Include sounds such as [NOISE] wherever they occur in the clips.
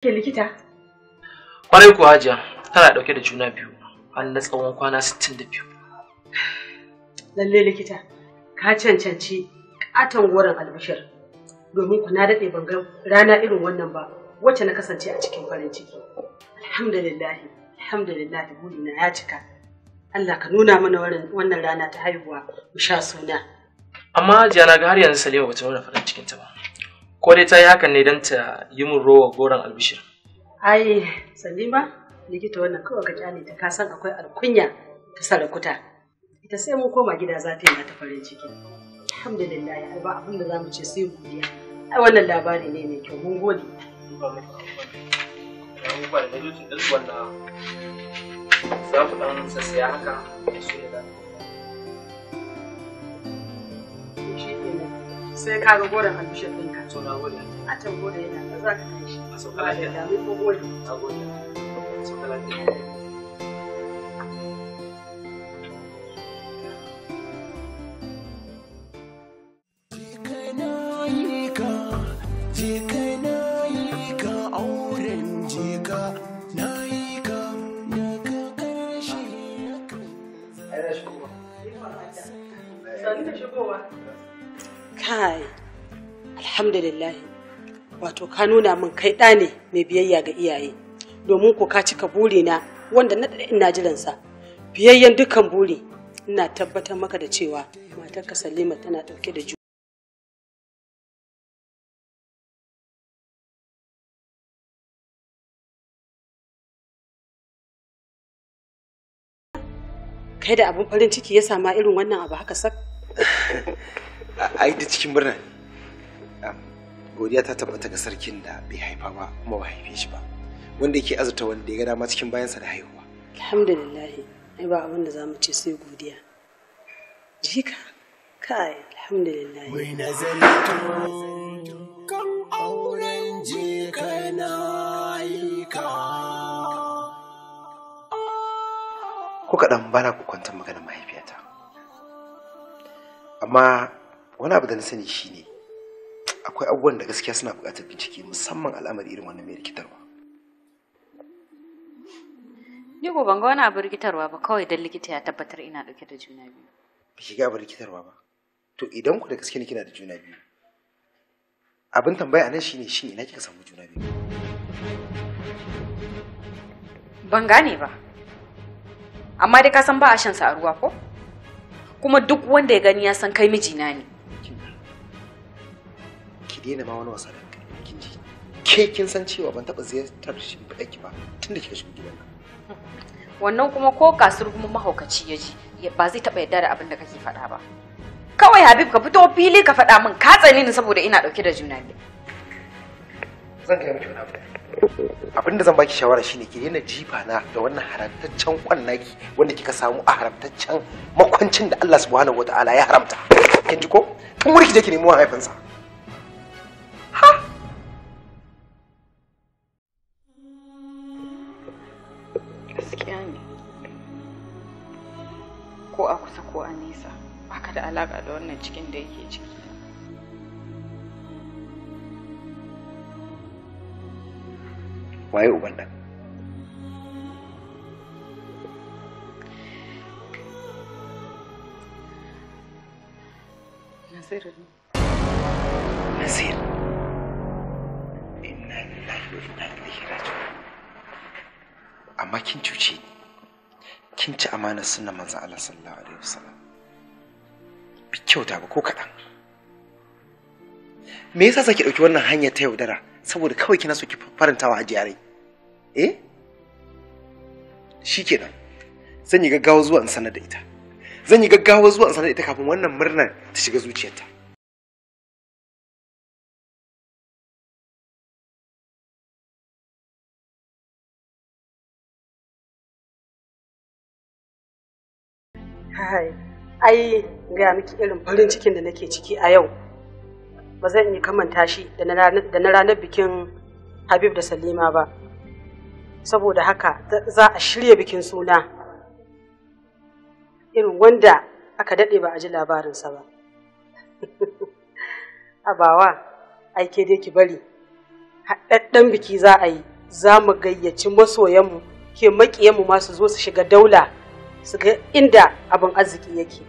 ke likita? Kwarai kuwa hajiya tana ɗauke da juna biyu har na tsawon kwana 62. Lalle likita, ka cancanci katon goron albashir domin ku na daɗe ban ga rana irin wannan ba wacce na kasance a cikin farin ciki. Alhamdulillahi, alhamdulillahi burina ya cika. Allah ka nuna mana wannan rana ta haihuwa mu sha suna. Amma hajiya ga har yanzu Salewa bata nuna farin cikinta ba. ko dai ta yi hakan ne don ta yi min rowa goron albishir ai salima likita wannan kawai ka kyale ta san akwai alkunya ta sarakuta ita sai mun koma gida za ta yi mata farin ciki alhamdulillah ai ba abin da za mu ce sai godiya ai wannan labari ne mai kyau mun gode abubuwan za dan sassaya haka su ne sai ka ga goron albishir ɗin ka na gode. A can gode yana za ka kai shi. A sauka lafiya. Da mu ko gode. A gode. A sauka lafiya. to ka nuna min kai ɗa ne mai biyayya ga iyaye domin ko ka cika buri na wanda na daɗe ina jiransa biyayyen dukkan buri ina tabbatar maka da cewa matarka salima tana ɗauke da kai da abin farin ciki ya sama irin wannan abu haka sak [LAUGHS] ai da cikin murna godiya ta tabbata ga sarkin da bai haifa ba kuma ba haife shi ba wanda yake azurta wanda ya ga dama cikin bayansa da haihuwa alhamdulillah ai ba abin da zamu ce sai godiya jika kai alhamdulillah wai kan auren jika na yi ko kaɗan bana ku kwanta maganar mahaifiyata amma wani abu da na sani shine akwai abubuwan da gaskiya suna buƙatar bincike musamman al'amari irin wannan mai rikitarwa ni ko ban ga wani abu rikitarwa ba kawai dan likita ya tabbatar ina dauke da juna biyu ba shiga abu rikitarwa ba to idan ku da gaske ne kina da juna biyu abin tambaya nan shine shin ina kika samu juna biyu ban gane ba amma dai ka san ba a shan sa a ruwa ko kuma duk wanda ya gani ya san kai mijina ne ki daina ma wani wasa da kin ji ke kin san cewa ban taɓa ziyartar shi ba ki ba tun da kika shigo gidan nan wannan kuma ko kasur kuma mahaukaci ya ji ba zai taɓa yarda da abin da kake faɗa ba kawai habib ka fito fili ka faɗa min ka tsani ni saboda ina ɗauke da juna biyu zan kai miki wani abin da zan baki shawara shine ki daina jifa na da wannan haramtaccen kwannaki wanda kika samu a haramtaccen makwancin da Allah subhanahu wataala ya haramta kin ji ko tun wuri ki je ki nemi mahaifinsa gaskiya ne ko a kusa ko a nesa baka da alaka da wannan cikin da yake ciki waye uban ɗan Nasiru Nasiru. amma kin cuce ni kin ci amanar sunan manzo Allah sallallahu alaihi wasallam bi kyauta ba ko kaɗan me yasa sake ɗauki wannan hanyar ta yaudara saboda kawai kina so ki farantawa a eh shi zan yi gaggawa zuwa in sanar da ita zan yi gaggawa zuwa in sanar da ita kafin wannan murnar ta shiga zuciyarta kai ai gaya miki irin farin cikin da nake ciki a yau ba zan yi kamanta shi da na ranar bikin habib da salima ba saboda haka za a shirya bikin suna irin wanda aka daɗe ba a ji labarinsa ba [LAUGHS] abawa aike dai ki bari haɗaɗɗen biki za a yi za mu gayyaci masoyanmu ke maƙiyanmu masu zo su shiga daula su ga inda abin arziki yake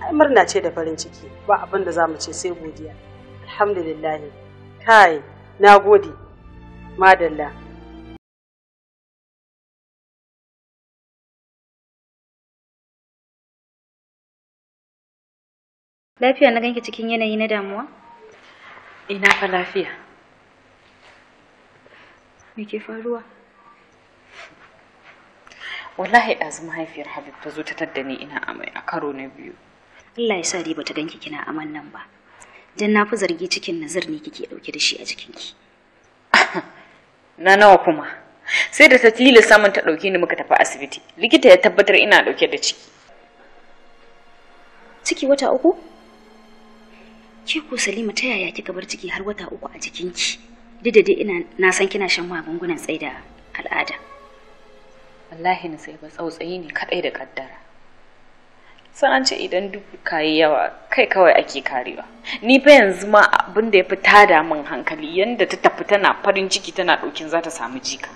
ai murna ce da farin ciki ba abin da za mu ce sai godiya alhamdulillah kai na gode madalla lafiya na ganki cikin yanayi na damuwa ina fa lafiya me ke faruwa wallahi ɗazu mahaifiyar habib ta zo ta tadda ina amai a karo na biyu allah ya sa dai bata ganki kina aman nan ba dan na fi zargi cikin nazar ne kike dauke da shi a jikinki [LAUGHS] na nawa kuma sai da ta tilasta samun ta dauke ni muka tafi asibiti likita ya tabbatar ina dauke da ciki ciki wata uku ke ko salima ta yaya kika bar ciki har wata uku a jikinki duk da dai ina na san kina shan magungunan tsaida al'ada wallahi na sai ba tsautsayi ne kadai da kaddara san an ce idan duk kayi yawa kai kawai ake karewa ni fa yanzu ma abin da ya fi tada min hankali yanda ta tafi tana farin ciki tana ɗokin za ta samu jika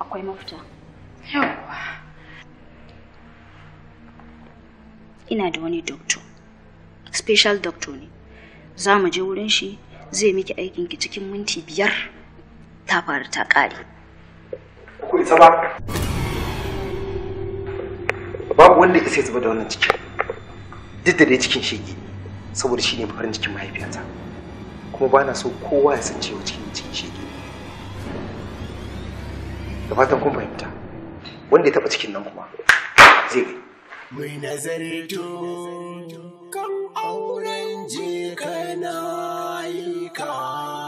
akwai mafita yawa ina da wani doktor special doctor ne za mu je wurin shi zai miki aikin ki cikin minti biyar ta faru ta ƙare. Ku isa ba. babu wanda ya sai zuba da wannan cikin duk da dai cikin shege saboda shi ne farin cikin mahaifiyata kuma ba na so kowa ya san cewa cikin cikin shege da fatan kun fahimta wanda ya taba cikin nan kuma zai gani mai to kan auren je yi ka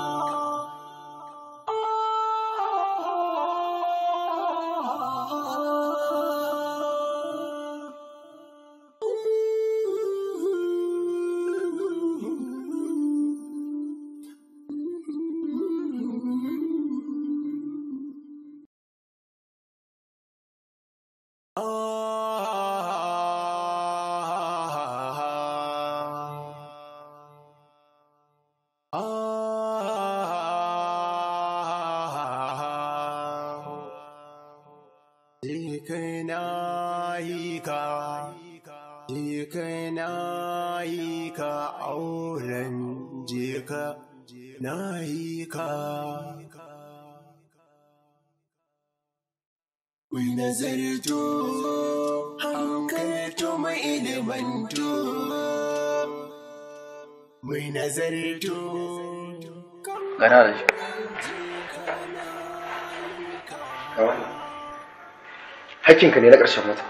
hakkinka ne na ƙarshen wata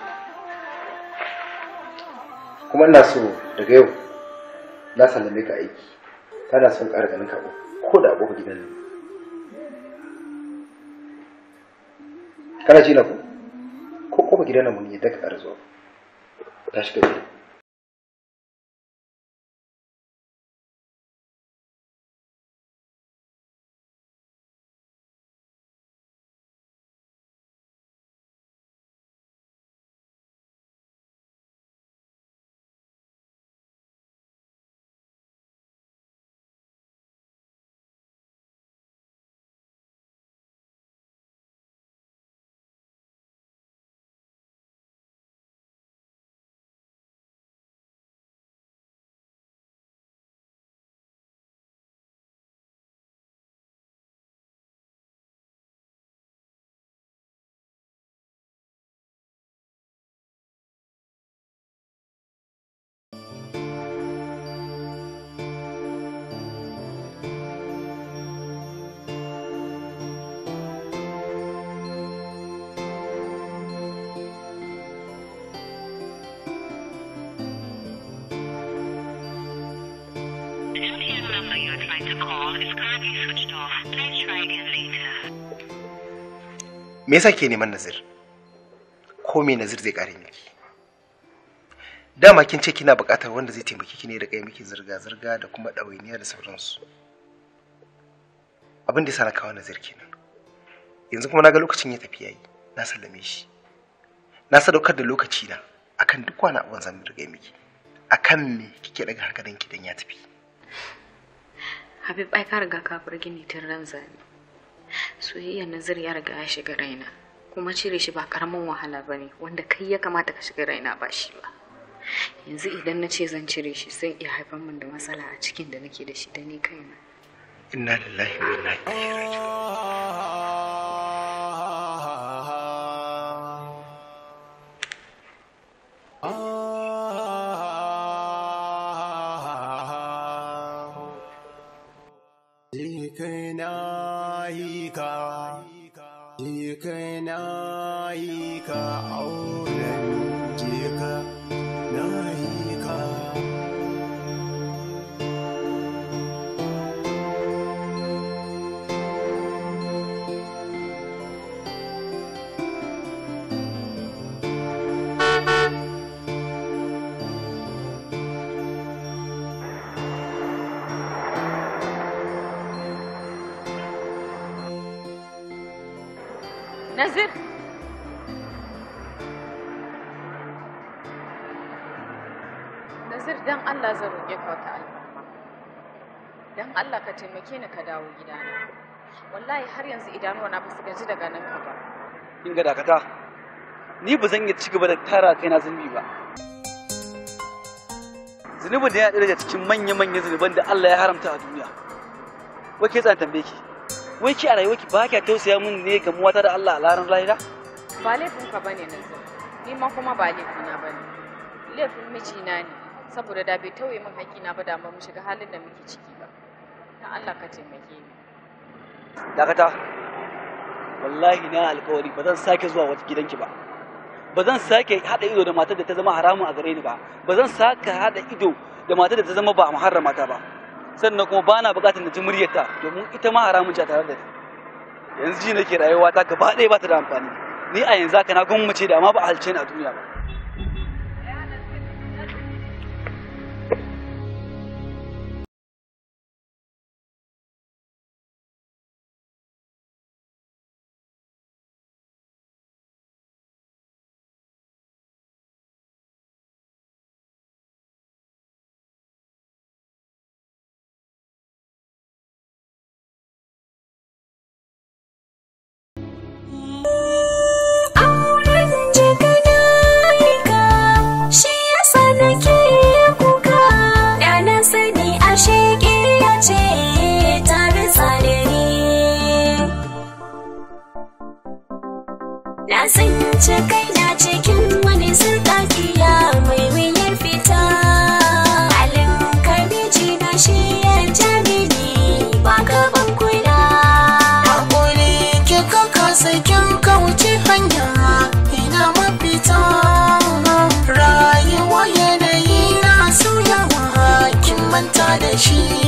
kuma ina so daga yau na sallame ka aiki tana son ƙara ganin ka ko da abubuwa gidan nan kana ji na ku ko kuma gidan nan mun yadda ka ƙara zuwa ta shiga je me yasa ke neman nazir ko me nazir zai kare miki dama kin ce kina bukatar wanda zai taimaki ki ne da kai miki zirga zirga da kuma ɗawainiya da sauransu abin da yasa na kawo nazir kenan yanzu kuma na ga lokacin ya tafi yayi na sallame shi na sadaukar da lokaci na akan duk wani abin zan riga miki akan me kike daga hankalinki dan ya tafi Habib ai ka riga ka furgi tun ran zane. soyayyar nazir ya riga ya shiga raina kuma cire shi ba karamin wahala ba ne wanda kai ya kamata ka shiga raina ba shi ba yanzu idan na ce zan cire shi zai iya haifar min da matsala a cikin da nake da shi da ni kaina inna lillahi wa inna ilaihi raji'un Nazir dan Allah zan roƙe ka wata alfarma. Dan Allah ka taimake ni ka dawo gidana. Wallahi har yanzu idanuwa na su gaji daga nan ka ba. In ga dakata. Ni ba zan iya ci gaba da tara kaina zunubi ba. Zunubin da ya ɗaya daga cikin manya-manyan zunuban da Allah ya haramta a duniya. Wai ke tsan tambaye ki. Wai ki a rayuwa ki ba kya tausaya mun ne ga muwata da Allah a laran rayuwa? Ba laifinka bane Nazir. Ni ma kuma ba laifina bane. Laifin mijina ne. saboda da bai tauye min na ba da mu shiga halin da muke ciki ba dan Allah ka taimake ni dakata wallahi na alƙawari, ba zan sake zuwa wata gidanki ba ba zan sake haɗa ido da matar da ta zama haramun a gare ni ba ba zan sake haɗa ido da matar da ta zama ba a muharrama ta ba sannan kuma ba na buƙatar na ji muryarta domin ita ma haramun ta tare da ta yanzu ji nake rayuwa ta gaba ɗaya ba ta da amfani ni a yanzu haka na gwammace da amma ba a halce ni a duniya ba 我的心。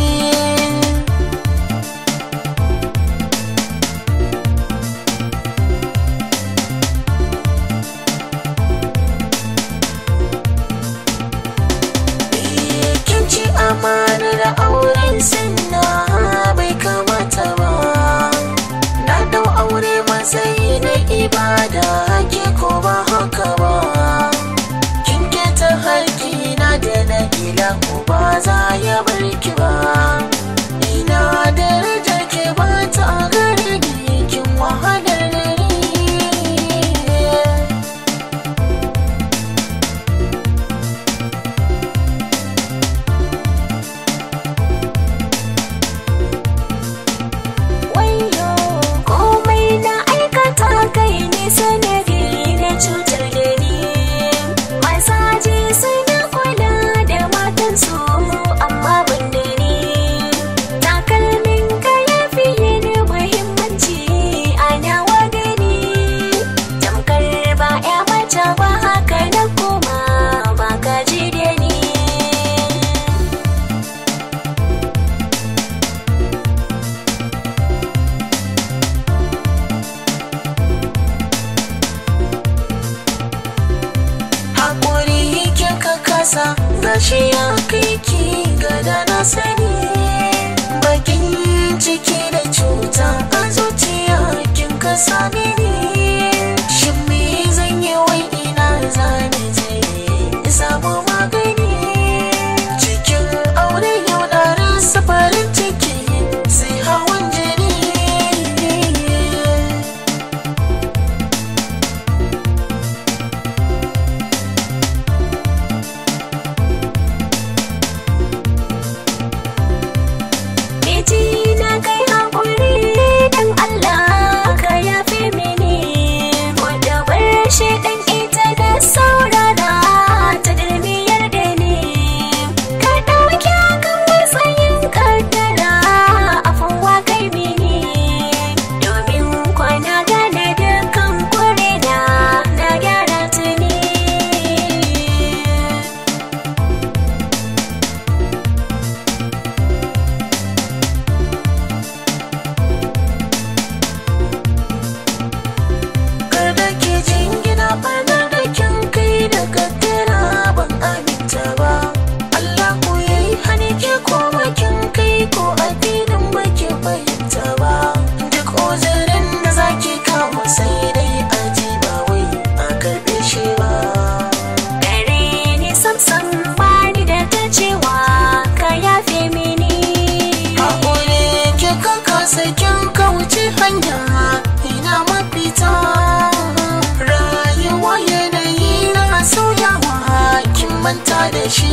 da shi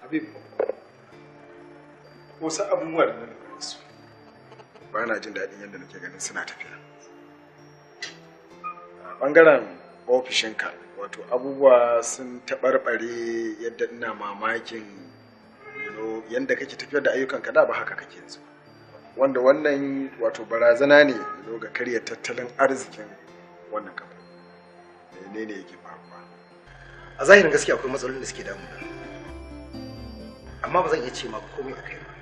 habib wasu abubuwa da nan su ba na jin daɗin yadda nake ganin suna tafiya a ɓangaren ofishinka wato abubuwa sun taɓarɓare yadda ina mamakin yadda kake tafiyar da ayyukanka da ba haka kake yanzu wanda wannan wato barazana ne ga karya tattalin arzikin wannan kamfani yake a zahirin gaskiya akwai matsalolin da suke damuna amma ba zan iya ce ma komai a kai ba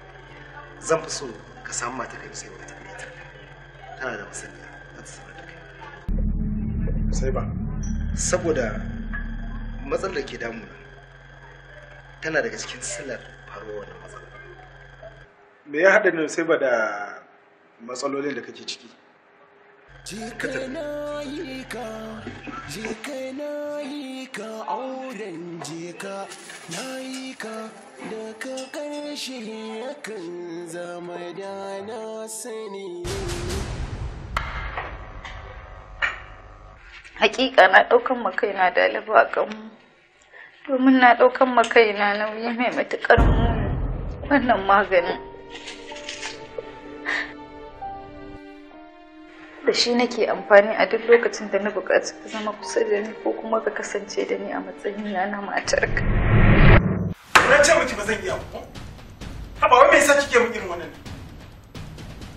zan fi so ka samu mata kai sai wata tambaye ta tana da masaniya za ta sanar da kai sai ba saboda matsalar da ke damuna tana daga cikin silar faruwa wannan matsalar me ya haɗa ne sai ba da matsalolin da kake ciki Jika na yi ka, jika na yi ka na yi ka daga ƙarshe yakan zama da na sani. Hakika na ɗaukan makaina da alaba kan domin na ɗaukan makaina nauyi mai matukar muni wannan maganin. da shi nake amfani a duk lokacin da na buƙaci ka zama kusa da ni ko kuma ka kasance da ni a matsayin na na matarka. Na ce miki ba zan iya ku. Haba wai me yasa kike min irin wannan?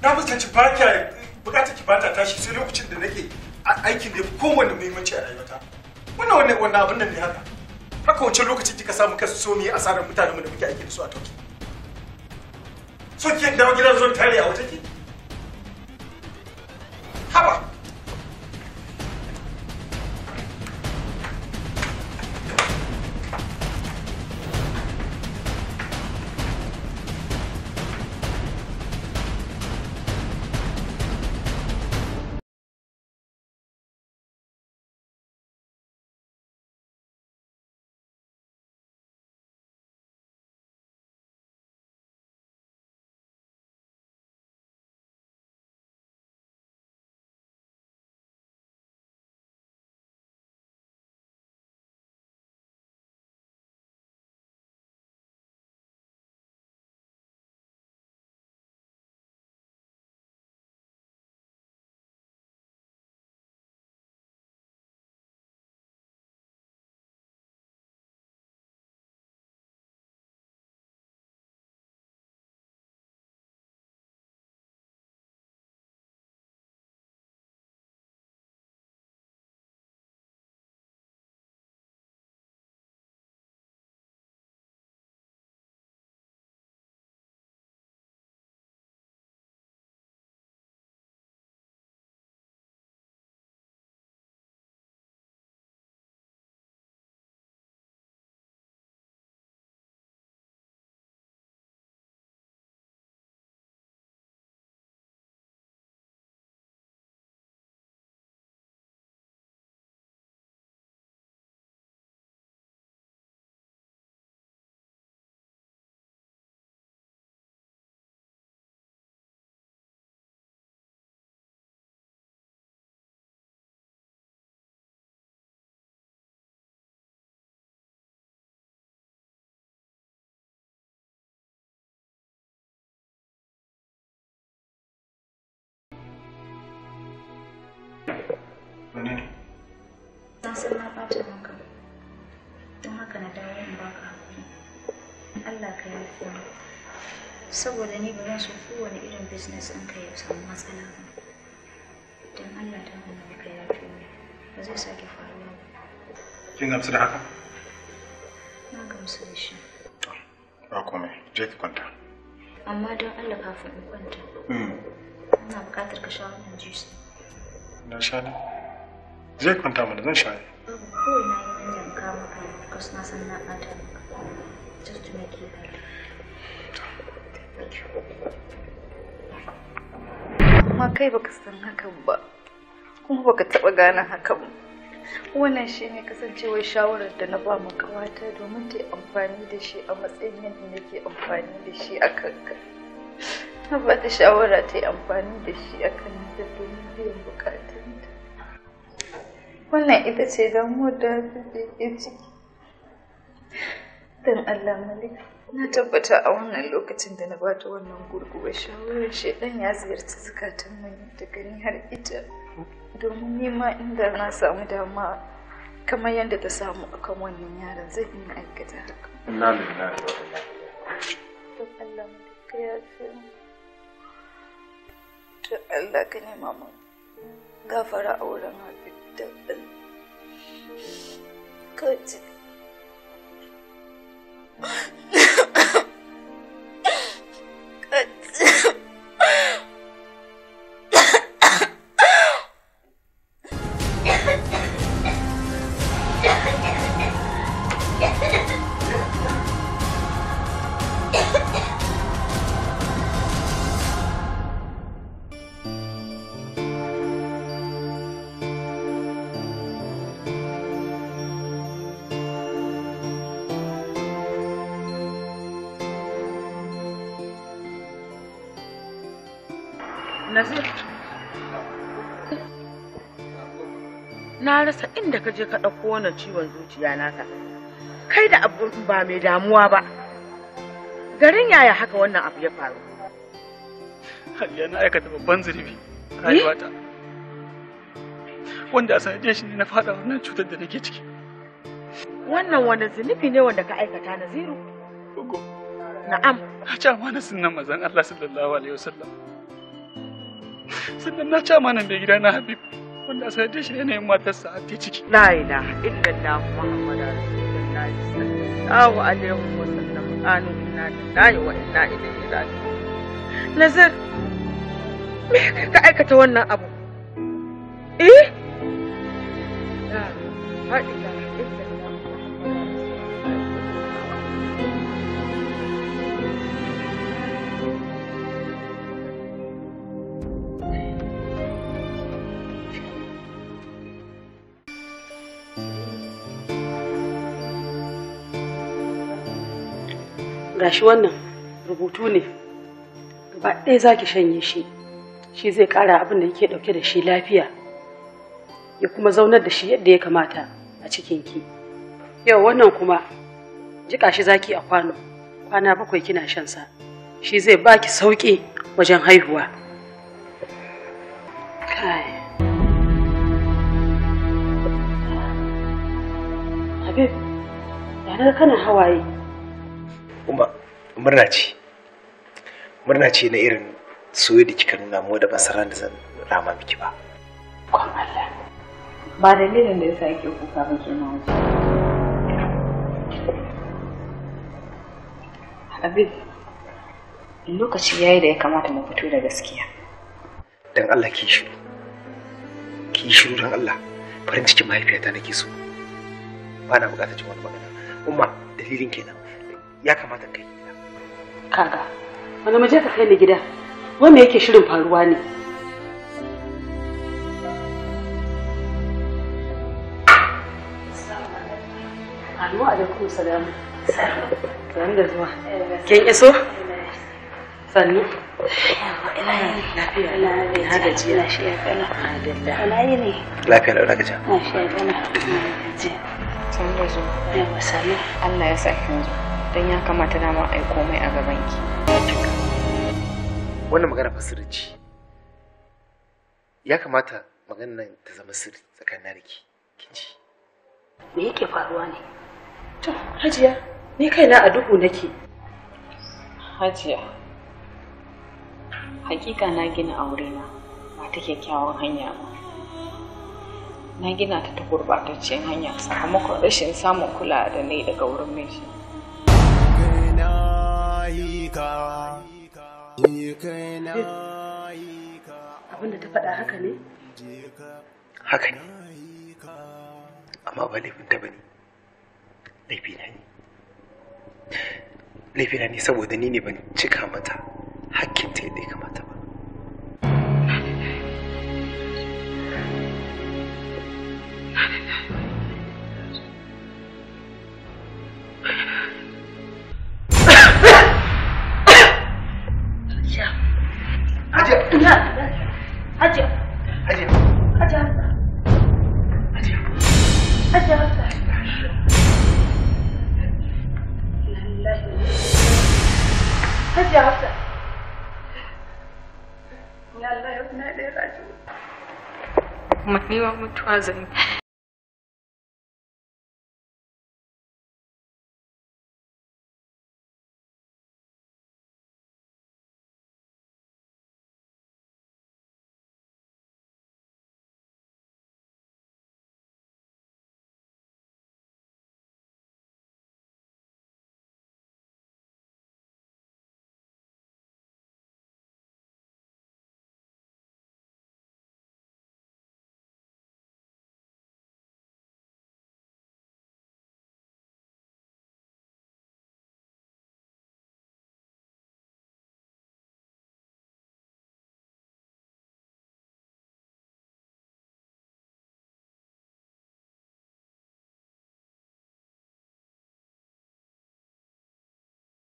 Na fuskanci ba kya buƙatar ki bata tashi sai lokacin da nake aikin da kowanne muhimmanci a rayuwata. Wannan wannan wannan abin nan ne haka. Haka wancan lokacin kika samu kasu so ne asarar mutanen mu da muke aiki da su a Tokyo. So ki dawo gidan zon tare a wata ki? power Na san na ɓata ranka. Don haka na dawo in baka hakuri. Allah ka yi kowa. Saboda ni ba zan so kowane irin business ɗin ka ya samu matsala ba. Don Allah ta hana ka ya fi ba zai sake faruwa ba. Kin gamsu da haka? Na gamsu da shi. Ba komai, je ki kwanta. Amma don Allah kafin in kwanta. Hmm. Ina buƙatar ka sha wannan juice. na sha ne zai kwanta mana zan sha ne na yi kai na san na amma kai baka san hakan ba kuma baka taɓa gane hakan ba wannan shi ne kasancewar shawarar da na ba makawata domin ta yi amfani da shi a matsayin yadda nake amfani da shi a kanka na ba ta shawara ta yi amfani da shi a kan nisa domin biyan bukata wannan ita ce damuwar da ke ciki don allah malik na tabbata a wannan lokacin da na bata wannan gurguwar shawarar shaidan ya ziyarci zukatan mai da gani har ita domin nema inda na samu dama kamar yadda ta samu akan wannan yaron zan iya aikata haka inna lillahi wa inna don allah malik ya fi allah ka nema mun gafara a wurin hafi 的笨，可 inda ka je ka ɗauko wannan ciwon zuciya naka kai da abu ba mai damuwa ba garin yaya haka wannan abu ya faru Haliya na aikata babban zurfi a rayuwata eh? wanda a sanadiyar shi ne na faɗa wannan cutar da nake ciki wannan wani zunubi ne wanda ka aikata na zero gogo na'am na ci amana sunan mazan Allah sallallahu alaihi wasallam sannan na ci amana mai gida na Habibu. abin da sanadin shi yanayin matarsa a ciki. La ilaha illallah Muhammadu Rasulullahi sallallahu alaihi wa sallam kanu inna lillahi wa inna ilaihi raji'un. Nazar me kai ka aikata wannan abu? Eh? La ilaha shi wannan rubutu ne gaba ɗaya za ki shanye shi shi zai ƙara abin da yake ɗauke da shi lafiya ya kuma zaunar da shi yadda ya kamata a cikinki yau wannan kuma jiƙa shi za ki a kwano kwana bakwai kina shan sa shi zai ba ki sauƙi wajen haihuwa kai habib kana hawaye kuma murna ce murna ce na irin soyayya da kika nuna mu da basaran da zan rama miki ba kwan Allah ba dalilin da yasa yake kuka ba ke nawa. Habib lokaci yayi da ya kamata mu fito da gaskiya dan Allah ki shi ki shiru dan Allah farin cikin mahaifiyata nake so ba na bukatar jin wani magana umma dalilin kenan ya kamata kai kaga wani maje je ka kai ni gida wanda yake shirin faruwa ne Allah ya sa don ya kamata dama a yi komai a gabanki wannan magana fa sirri ce ya kamata maganar nan ta zama sirri tsakanin da kin ji me yake faruwa ne to hajiya ni kaina a duhu nake hajiya hakika na gina aure na ba ta kyakkyawan hanya ba na gina ta ta gurbataccen hanya sakamakon rashin samun kula da ni daga wurin miji ka abinda ta faɗa haka ne haka ne amma ba laifin ta bane laifina ne laifina ne saboda ni ne ban cika mata hakkin ta yadda ya kamata twas in.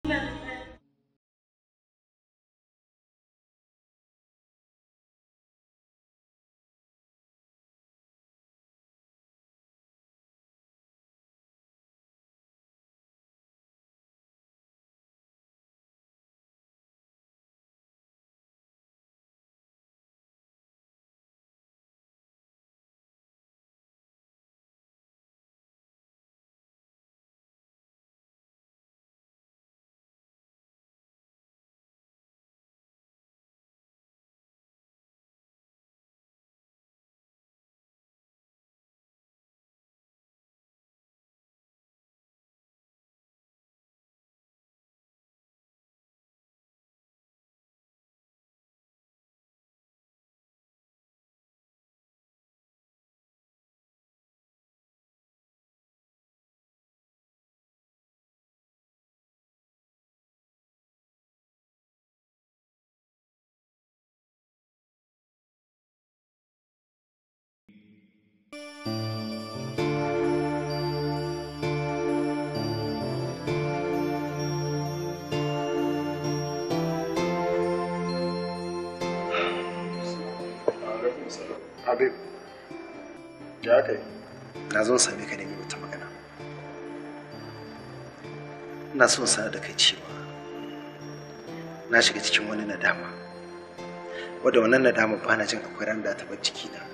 Yeah. Habib, ya kai? Na zo same ka wata magana. Ina son sanar da kai cewa na shiga cikin wani nadama. Wadda wannan nadama ba na jin akwai ran da ta bar na.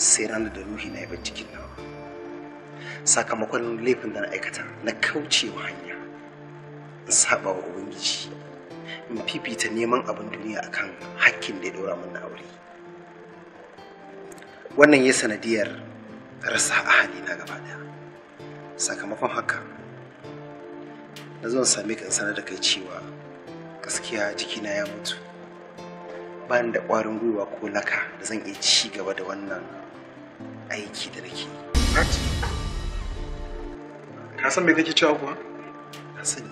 sai ranar da ruhi na yabar cikin nawa sakamakon laifin da na aikata na kaucewa hanya in saba wa ubangiji in fifita neman abin duniya akan hakkin da ya dora min na aure wannan ya sanadiyar rasa ahali na gaba daya sakamakon haka na zo same ka in sanar da kai cewa gaskiya jikina ya mutu Bani da kwarin gwiwa ko laka da zan iya ci gaba da wannan aiki da nake ka san me kake cewa kuwa Ka sani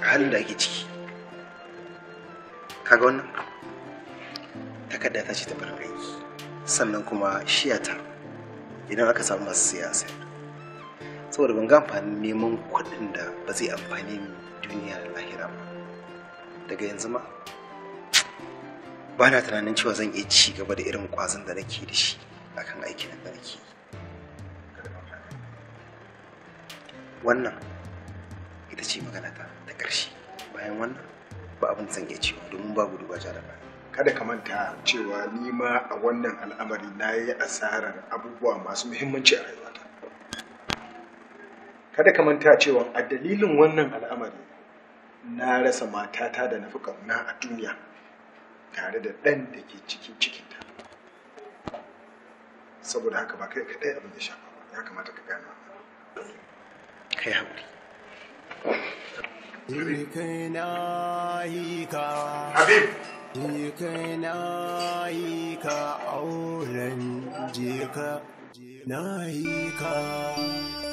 a [SIGHS] halin da ake ciki kaga wannan takarda ta ce ta bar aiki sannan kuma shiyata idan aka samu masu siyasa saboda ban ga amfanin neman kuɗin da ba zai amfani duniya da lahira ba daga yanzu ma ba na tunanin cewa zan iya ci gaba da irin kwazon da nake da shi a kan aikin da nake yi wannan ita ce magana ta da ƙarshe bayan wannan ba abin zan iya cewa domin babu duba da baya kada ka manta cewa ni ma a wannan al'amari na yi asarar abubuwa masu muhimmanci a rayuwata kada ka manta cewa a dalilin wannan al'amari na rasa matata da na fi ƙauna a duniya tare da ɗan da ke cikin cikinta saboda haka ba kai kaɗai abin da shafa ba ya kamata ka gane wannan kai haƙuri Habib! na yi ka auren jika na yi ka